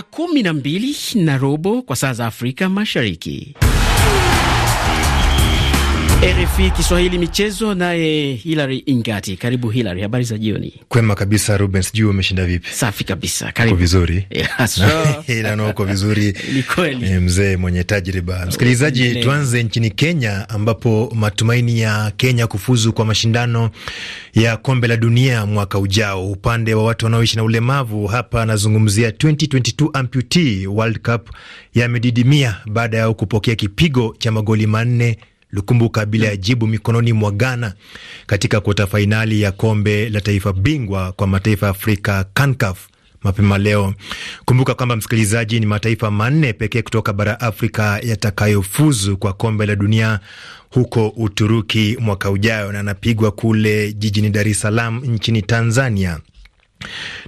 saa kumi na mbili na robo kwa saa za Afrika Mashariki. RFI Kiswahili michezo, naye Hilary Ingati. Karibu Hilary, habari za jioni. Kwema kabisa Rubens, juu umeshinda vipi? Safi kabisa, karibu. Uko vizuri? Ila na uko vizuri, ni kweli, eh, mzee mwenye tajriba. Msikilizaji, tuanze nchini Kenya ambapo matumaini ya Kenya kufuzu kwa mashindano ya kombe la dunia mwaka ujao, upande wa watu wanaoishi na ulemavu, hapa anazungumzia 2022 Amputee World Cup, yamedidimia baada ya kupokea kipigo cha magoli manne Lukumbuka bila ya jibu mikononi mwa Ghana katika kuota fainali ya kombe la taifa bingwa kwa mataifa ya Afrika kankaf mapema leo. Kumbuka kwamba msikilizaji, ni mataifa manne pekee kutoka bara Afrika yatakayofuzu kwa kombe la dunia huko Uturuki mwaka ujao, na anapigwa kule jijini Dar es Salaam nchini Tanzania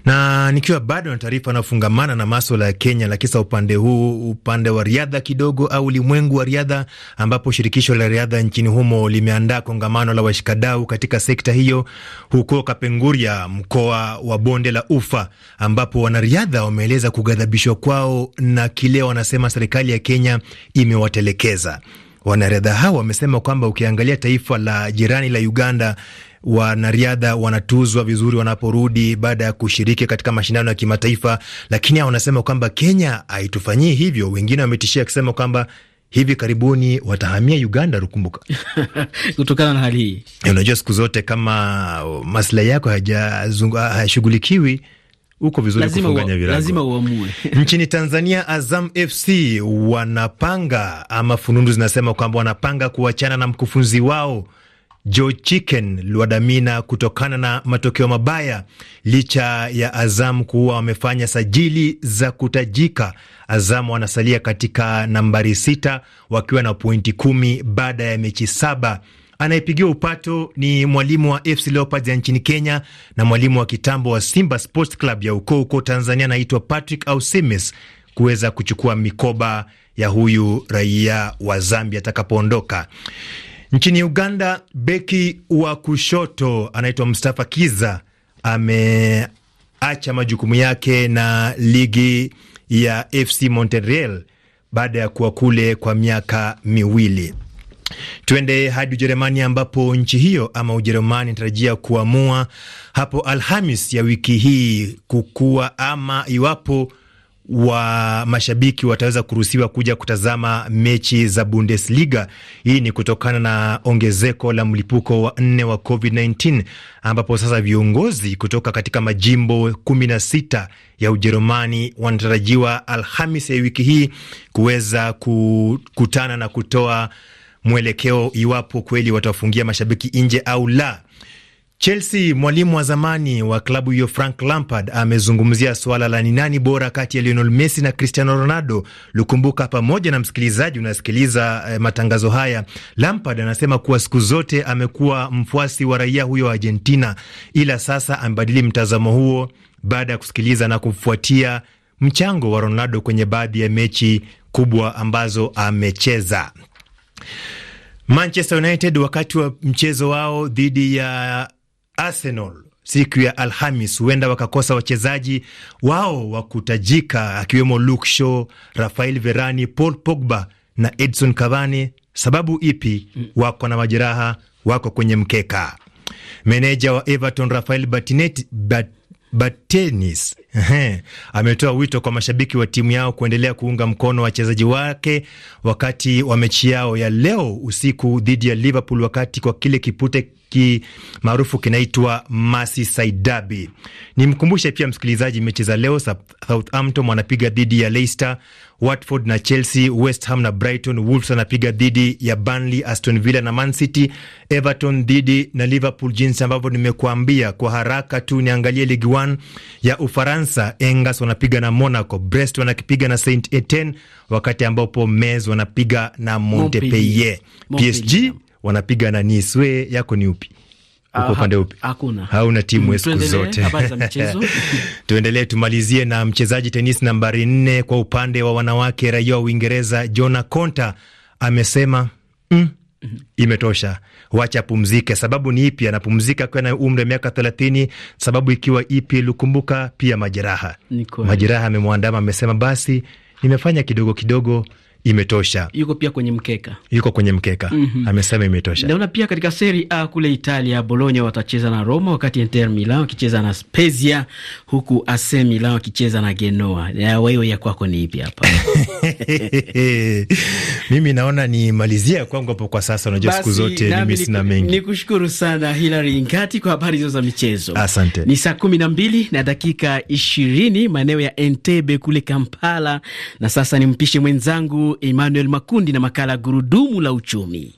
na nikiwa bado na taarifa anayofungamana na maswala ya Kenya, lakisa upande huu, upande wa riadha kidogo, au ulimwengu wa riadha, ambapo shirikisho la riadha nchini humo limeandaa kongamano la washikadau katika sekta hiyo huko Kapenguria, mkoa wa bonde la Ufa, ambapo wanariadha wameeleza kughadhabishwa kwao na kile wanasema serikali ya Kenya imewatelekeza. Wanariadha hao wamesema kwamba ukiangalia taifa la jirani la Uganda wanariadha wanatuzwa vizuri wanaporudi baada ya kushiriki katika mashindano ya kimataifa, lakini hao wanasema kwamba Kenya haitufanyii hivyo. Wengine wametishia kusema kwamba hivi karibuni watahamia Uganda. Rukumbuka kutokana na hali hii, eh, unajua siku zote kama maslahi yako hayashughulikiwi huko vizuri kufunganya virago, lazima uamue. Nchini Tanzania, Azam FC wanapanga ama funundu zinasema kwamba wanapanga kuachana na mkufunzi wao Joe Chicken Lwadamina kutokana na matokeo mabaya licha ya Azam kuwa wamefanya sajili za kutajika. Azam wanasalia katika nambari sita wakiwa na pointi kumi baada ya mechi saba. Anayepigiwa upato ni mwalimu wa FC Leopards ya nchini Kenya na mwalimu wa kitambo wa Simba Sports Club ya uko huko Tanzania anaitwa Patrick Ausimis kuweza kuchukua mikoba ya huyu raia wa Zambia atakapoondoka. Nchini Uganda, beki wa kushoto anaitwa Mustafa Kiza ameacha majukumu yake na ligi ya FC Montreal baada ya kuwa kule kwa miaka miwili. Tuende hadi Ujerumani ambapo nchi hiyo ama Ujerumani inatarajia kuamua hapo Alhamis ya wiki hii kukua ama iwapo wa mashabiki wataweza kuruhusiwa kuja kutazama mechi za Bundesliga. Hii ni kutokana na ongezeko la mlipuko wa nne wa COVID-19 ambapo sasa viongozi kutoka katika majimbo 16 ya Ujerumani wanatarajiwa Alhamis ya wiki hii kuweza kukutana na kutoa mwelekeo iwapo kweli watawafungia mashabiki nje au la. Chelsea, mwalimu wa zamani wa klabu hiyo Frank Lampard amezungumzia suala la ni nani bora kati ya Lionel Messi na Cristiano Ronaldo. Lukumbuka pamoja na msikilizaji unasikiliza eh, matangazo haya. Lampard anasema kuwa siku zote amekuwa mfuasi wa raia huyo wa Argentina, ila sasa amebadili mtazamo huo baada ya kusikiliza na kufuatia mchango wa Ronaldo kwenye baadhi ya mechi kubwa ambazo amecheza. Manchester United wakati wa mchezo wao dhidi ya Arsenal siku ya Alhamis huenda wakakosa wachezaji wao wa kutajika akiwemo Luke Shaw, Rafael Verani, Paul Pogba na Edson Cavani. Sababu ipi? Mm. Wako na majeraha, wako kwenye mkeka. Meneja wa Everton Rafael Batinet, Bat, Batenis ametoa wito kwa mashabiki wa timu yao kuendelea kuunga mkono wachezaji wake wakati wa mechi yao ya leo usiku dhidi ya Liverpool, wakati kwa kile kipute ki maarufu kinaitwa Merseyside Derby. Nimkumbushe pia msikilizaji mechi za leo, Southampton wanapiga dhidi ya Leicester, Watford na Chelsea, West Ham na Brighton, Wolves wanapiga dhidi ya Burnley, Aston Villa na Man City, Everton dhidi na Liverpool. Jinsi ambavyo nimekuambia kwa haraka tu, niangalie ligi 1 ya Ufaransa. Angers wanapiga na Monaco, Brest wanakipiga na Saint Etienne, wakati ambapo Metz wanapiga na Montpellier. PSG wanapiga na niswe yako ni upi? Uko upande upi? Hakuna, hauna timu mm, siku zote. Tuendelee, tumalizie na mchezaji tenis nambari nne kwa upande wa wanawake, raia wa Uingereza Jona Konta amesema mm, mm-hmm. imetosha, wacha apumzike. Sababu ni ipi? Anapumzika akiwa na umri wa miaka thelathini, sababu ikiwa ipi? Lukumbuka pia majeraha, majeraha amemwandama. Amesema basi nimefanya kidogo kidogo imetosha. Yuko pia kwenye mkeka, yuko kwenye mkeka mm -hmm. Amesema imetosha. Naona pia katika Serie A kule Italia, Bologna watacheza na Roma, wakati Inter Milan wakicheza na Spezia, huku AC Milan wakicheza na Genoa. Wewe ya kwako ni ipi hapa? Mimi naona ni malizia kwangu hapo kwa sasa. Unajua siku zote mimi sina mengi. Nikushukuru sana Hilary Ngati kwa habari hizo za michezo, asante. Ni saa kumi na mbili na dakika ishirini maeneo ya Entebbe kule Kampala, na sasa nimpishe mwenzangu Emmanuel Makundi na makala ya gurudumu la uchumi.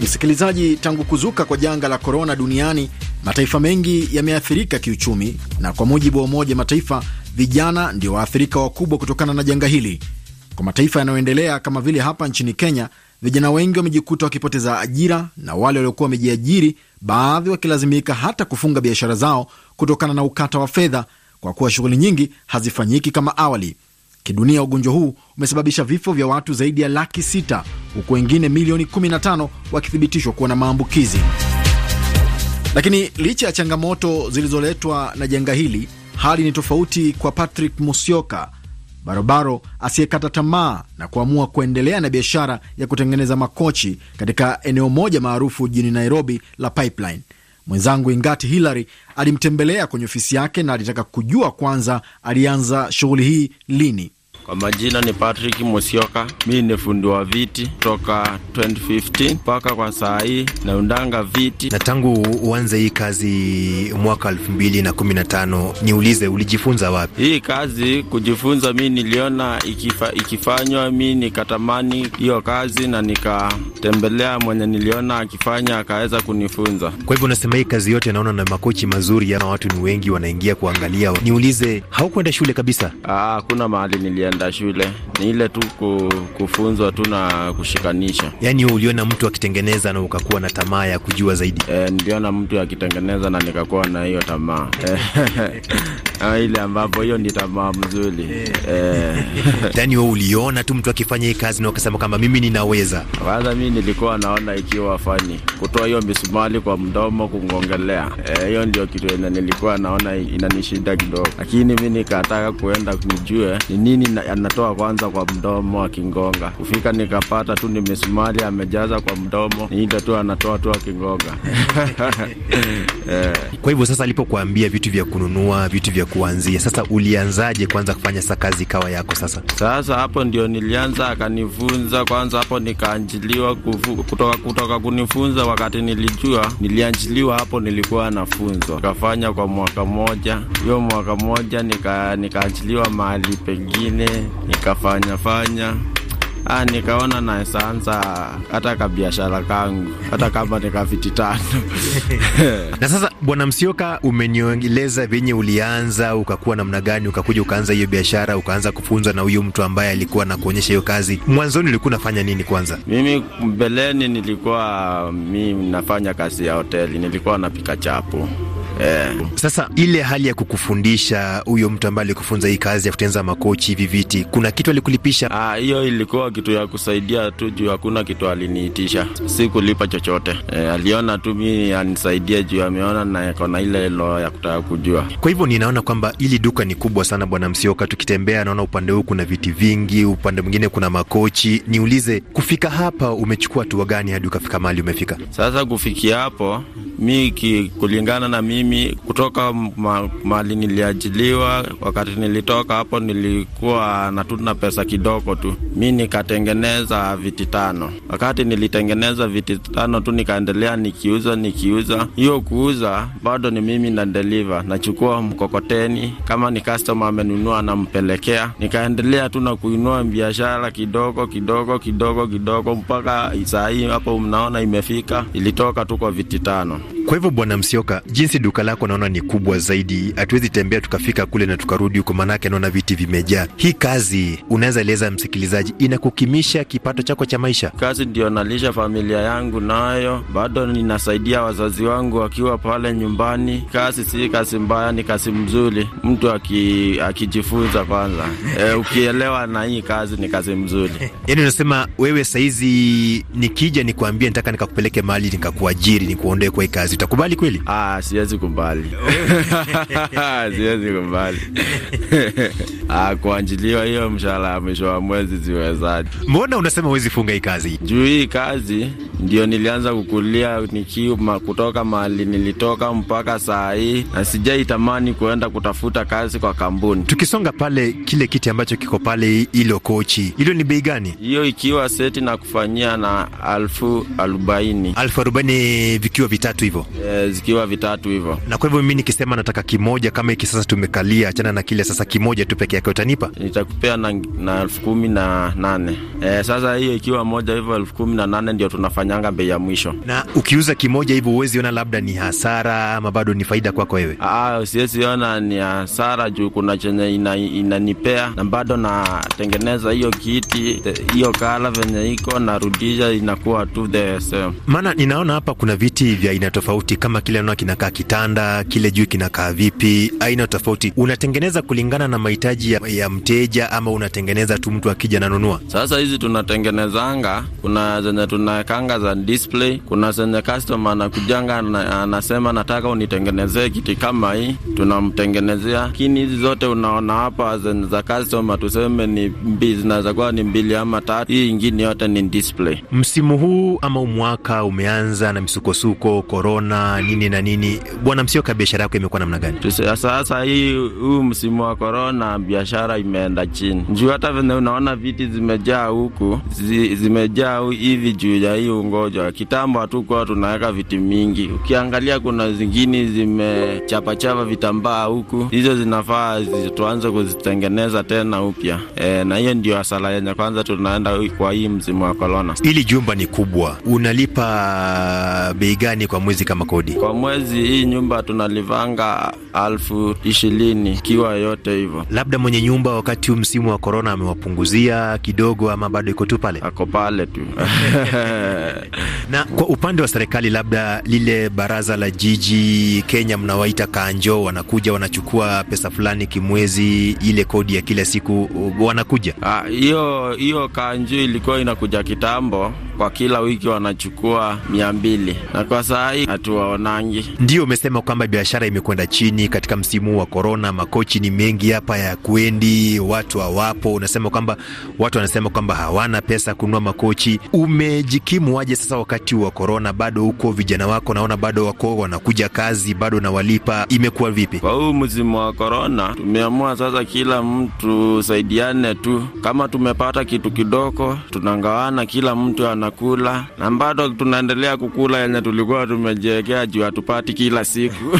Msikilizaji, tangu kuzuka kwa janga la korona duniani mataifa mengi yameathirika kiuchumi, na kwa mujibu wa Umoja Mataifa, vijana ndio waathirika wakubwa kutokana na janga hili. Kwa mataifa yanayoendelea kama vile hapa nchini Kenya, vijana wengi wamejikuta wakipoteza ajira na wale waliokuwa wamejiajiri, baadhi wakilazimika hata kufunga biashara zao kutokana na ukata wa fedha, kwa kuwa shughuli nyingi hazifanyiki kama awali. Kidunia, ugonjwa huu umesababisha vifo vya watu zaidi ya laki sita huku wengine milioni 15 wakithibitishwa kuwa na maambukizi. Lakini licha ya changamoto zilizoletwa na janga hili, hali ni tofauti kwa Patrick musioka barobaro asiyekata tamaa na kuamua kuendelea na biashara ya kutengeneza makochi katika eneo moja maarufu jijini Nairobi la Pipeline. Mwenzangu Ingati hilary alimtembelea kwenye ofisi yake na alitaka kujua kwanza alianza shughuli hii lini. Kwa majina ni Patrick Musioka, mi ni fundi wa viti toka 2015 mpaka kwa saa hii naundanga viti. Na tangu uanze hii kazi mwaka 2015, niulize, ulijifunza wapi hii kazi? Kujifunza mi niliona ikifa, ikifanywa mi nikatamani hiyo kazi na nikatembelea mwenye niliona akifanya akaweza kunifunza. Kwa hivyo unasema hii kazi yote naona na makochi mazuri yana watu ni wengi wanaingia kuangalia. Niulize, haukwenda shule kabisa? Ah, kuna mahali nilienda kwenda shule, ni ile tu kufunzwa tu na kushikanisha. Yani uliona mtu akitengeneza na ukakuwa na tamaa ya kujua zaidi? E, niliona mtu akitengeneza na nikakuwa na hiyo tamaa Ah, ile ambapo hiyo ni tamaa mzuri eh. eh. Yani wewe uliona tu mtu akifanya hii kazi na ukasema kwamba mimi ninaweza? Kwanza mimi nilikuwa naona ikiwa fani kutoa hiyo misumali kwa mdomo kungongelea eh, hiyo, eh, ndio kitu nilikuwa naona inanishinda kidogo, lakini mimi nikataka kuenda nijue ni nini anatoa kwanza kwa mdomo akingonga. Kufika nikapata tu ni misumali amejaza kwa mdomo, ni tu anatoa tu akingonga eh. Kwa hivyo sasa, alipokuambia vitu vya kununua vitu vya kuanzia. Sasa ulianzaje kwanza kufanya sa kazi ikawa yako sasa? Sasa hapo ndio nilianza, akanifunza kwanza, hapo nikaanjiliwa kutoka, kutoka kunifunza. Wakati nilijua nilianjiliwa, hapo nilikuwa nafunzwa, nikafanya kwa mwaka moja. Hiyo mwaka moja nikaanjiliwa nika mahali pengine nikafanyafanya Ah, nikaona naesaanza hata hata kabiashara kangu hata kama ni tano. Na sasa Bwana Msioka, umeniongeleza venye ulianza ukakuwa namna gani, ukakuja ukaanza hiyo biashara, ukaanza kufunzwa na huyu mtu ambaye alikuwa na kuonyesha hiyo kazi. Mwanzoni ulikuwa unafanya nini kwanza? Mimi mbeleni nilikuwa mi nafanya kazi ya hoteli, nilikuwa napika chapo Yeah. sasa ile hali ya kukufundisha huyo mtu ambaye alikufunza hii kazi ya kutengeneza makochi hivi viti, kuna kitu alikulipisha? Ah, hiyo ilikuwa kitu ya kusaidia tu juu hakuna kitu aliniitisha, si kulipa chochote. E, aliona tu mi anisaidia juu ameona na kona ile lo ya kutaka kujua. Kwa hivyo ninaona kwamba ili duka ni kubwa sana, Bwana Msioka. Tukitembea naona upande huu kuna viti vingi, upande mwingine kuna makochi. Niulize, kufika hapa umechukua hatua gani hadi ukafika mali umefika sasa? Kufikia hapo mi kulingana na mimi kutoka ma, mali niliajiliwa, wakati nilitoka hapo nilikuwa natuna pesa kidogo tu, mi nikatengeneza viti tano. Wakati nilitengeneza viti tano tu nikaendelea nikiuza nikiuza. Hiyo kuuza bado ni mimi na deliver, nachukua mkokoteni, kama ni customer amenunua nampelekea. Nikaendelea tu na kuinua biashara kidogo kidogo kidogo kidogo mpaka saa hii hapo mnaona imefika, ilitoka tu kwa viti tano. be Kwa hivyo Bwana Msioka, jinsi duka lako naona ni kubwa zaidi, hatuwezi tembea tukafika kule na tukarudi huko, maanake naona viti vimejaa. Hii kazi unaweza eleza msikilizaji, inakukimisha kipato chako cha maisha? Kazi ndio nalisha familia yangu nayo, bado ninasaidia wazazi wangu wakiwa pale nyumbani. Kazi si kazi mbaya, ni kazi mzuri, mtu akijifunza kwanza. E, ukielewa na hii kazi ni kazi mzuri. Yani unasema wewe sahizi nikija nikuambie nitaka nikakupeleke mahali nikakuajiri, nikuondoe kwa hii kazi kazi. Utakubali kweli? Ah, siwezi kubali. Siwezi kubali. Ah, kuanjiliwa hiyo mshahara mwisho wa mwezi siwezaji. Mbona unasema huwezi funga hii kazi? Juu hii kazi ndio nilianza kukulia nikiuma kutoka mahali nilitoka mpaka saa hii na sijai tamani kuenda kutafuta kazi kwa kampuni. Tukisonga pale kile kiti ambacho kiko pale hilo kochi. Hilo ni bei gani? Hiyo ikiwa seti na kufanyia na alfu arobaini. Alfu arobaini vikiwa vitatu hivyo e, zikiwa vitatu hivyo. Na kwa hivyo mimi nikisema nataka kimoja kama hiki sasa tumekalia, achana na kile sasa, kimoja tu peke yake utanipa? Nitakupea na, na elfu kumi na nane. E, sasa hiyo ikiwa moja hivyo elfu kumi na nane ndio tunafanyanga bei ya mwisho. Na ukiuza kimoja hivyo huwezi ona labda ni hasara ama bado ni faida kwako wewe? Ah, ah siwezi ona ni hasara juu kuna chenye inanipea ina na bado natengeneza hiyo kiti hiyo kala venye iko narudisha inakuwa tu the same. Maana ninaona hapa kuna viti vya aina tofauti tofauti, kama kile naona kinakaa kitanda, kile juu kinakaa vipi, aina tofauti. Unatengeneza kulingana na mahitaji ya, ya mteja, ama unatengeneza tu mtu akija nanunua? Sasa hizi tunatengenezanga, kuna zenye tunawekanga za display, kuna zenye customer anakujanga anasema nataka unitengenezee kiti kama hii, tunamtengenezea. Lakini hizi zote unaona hapa zenye za customer tuseme ni mbili, zinaweza kuwa ni mbili ama tatu, hii ingine yote ni display. Msimu huu ama umwaka umeanza na misukosuko korona kuona nini na nini. Bwana Msioka, biashara yako imekuwa namna gani sasa hii huu msimu wa korona? Biashara imeenda chini juu hata vene unaona viti zimejaa huku zi, zimejaa hivi juu ya hii ungoja. Kitambo hatukuwa tunaweka viti mingi, ukiangalia kuna zingine zimechapachapa vitambaa huku, hizo zinafaa tuanze kuzitengeneza tena upya e, na hiyo ndio asala yenye kwanza tunaenda kwa hii msimu wa korona. Hili jumba ni kubwa, unalipa bei gani kwa mwezi? kama kodi? Kwa mwezi hii nyumba tunalivanga alfu ishirini ikiwa yote hivyo. Labda mwenye nyumba wakati huu msimu wa korona amewapunguzia kidogo, ama bado iko tu pale, ako pale tu Na kwa upande wa serikali, labda lile baraza la jiji Kenya mnawaita kanjo, wanakuja wanachukua pesa fulani kimwezi, ile kodi ya kila siku wanakuja ah, hiyo hiyo. Kanjo ilikuwa inakuja kitambo, kwa kila wiki wanachukua mia mbili, na kwa saa hii hatuwaonangi. Ndio umesema kwamba biashara imekwenda chini katika msimu wa korona, makochi ni mengi hapa ya kwendi, watu hawapo. Unasema kwamba watu wanasema kwamba hawana pesa kununua makochi. Umejikimu waje sasa wakati wa korona bado huko vijana wako naona bado wako wanakuja kazi bado nawalipa, imekuwa vipi kwa huu mzimu wa korona? Tumeamua sasa kila mtu saidiane tu, kama tumepata kitu kidogo tunangawana, kila mtu anakula, na bado tunaendelea kukula yenye tulikuwa tumejiwekea juu hatupati kila siku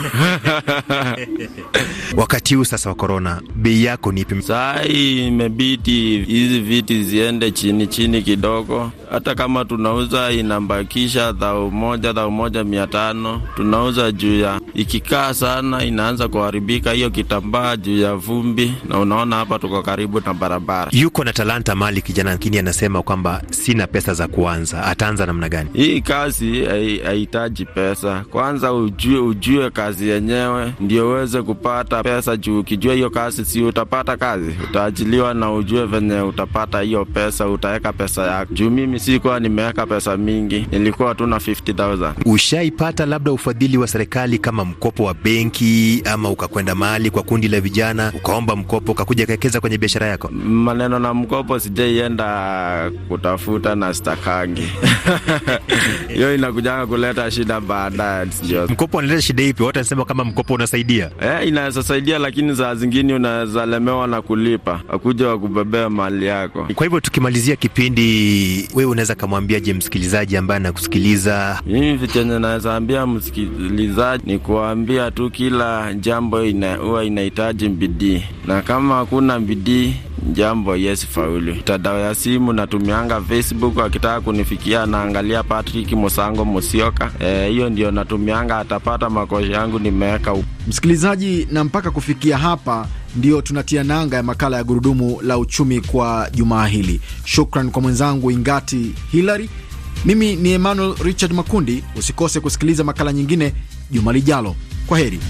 wakati huu sasa wa korona, bei yako ni ipi? Saa hii imebidi hizi viti ziende chini chini kidogo hata kama tunauza inambakisha dhao moja dhao moja mia tano tunauza juu ya ikikaa sana inaanza kuharibika hiyo kitambaa juu ya vumbi, na unaona hapa tuko karibu na barabara. Yuko na talanta mali kijana, lakini anasema kwamba sina pesa za kuanza. Ataanza namna gani? Hii kazi haihitaji pesa. Kwanza ujue, ujue kazi yenyewe ndio uweze kupata pesa, juu ukijua hiyo kazi si utapata kazi, utaajiliwa na ujue venye utapata hiyo pesa, utaweka pesa yako juu mimi sikuwa nimeweka pesa mingi, nilikuwa tu na 50000. Ushaipata labda ufadhili wa serikali kama mkopo wa benki ama ukakwenda mahali kwa kundi la vijana ukaomba mkopo ukakuja kawekeza kwenye biashara yako? Maneno na mkopo sijaienda kutafuta na stakangi hiyo inakujanga kuleta shida baadaye. Mkopo unaleta shida ipi? Wote nasema kama mkopo unasaidia. Eh, inaweza saidia, lakini saa zingine unaweza lemewa na kulipa, akuja wakubebea mali yako. Kwa hivyo tukimalizia kipindi, wewe unaweza je msikilizaji ambaye anakusikiliza? Mimi chenye naweza ambia msikilizaji ni kuambia tu kila jambo huwa inahitaji bidii, na kama hakuna bidii jambo yes faulu. Mtandao ya simu natumianga Facebook, akitaka kunifikia naangalia Patrick Musango Musioka. E, hiyo e, ndio natumianga, atapata makosha yangu nimeweka. Msikilizaji, na mpaka kufikia hapa ndio tunatia nanga ya makala ya gurudumu la uchumi kwa jumaa hili. Shukran kwa mwenzangu Ingati Hilary. Mimi ni Emmanuel Richard Makundi. Usikose kusikiliza makala nyingine juma lijalo. Kwa heri.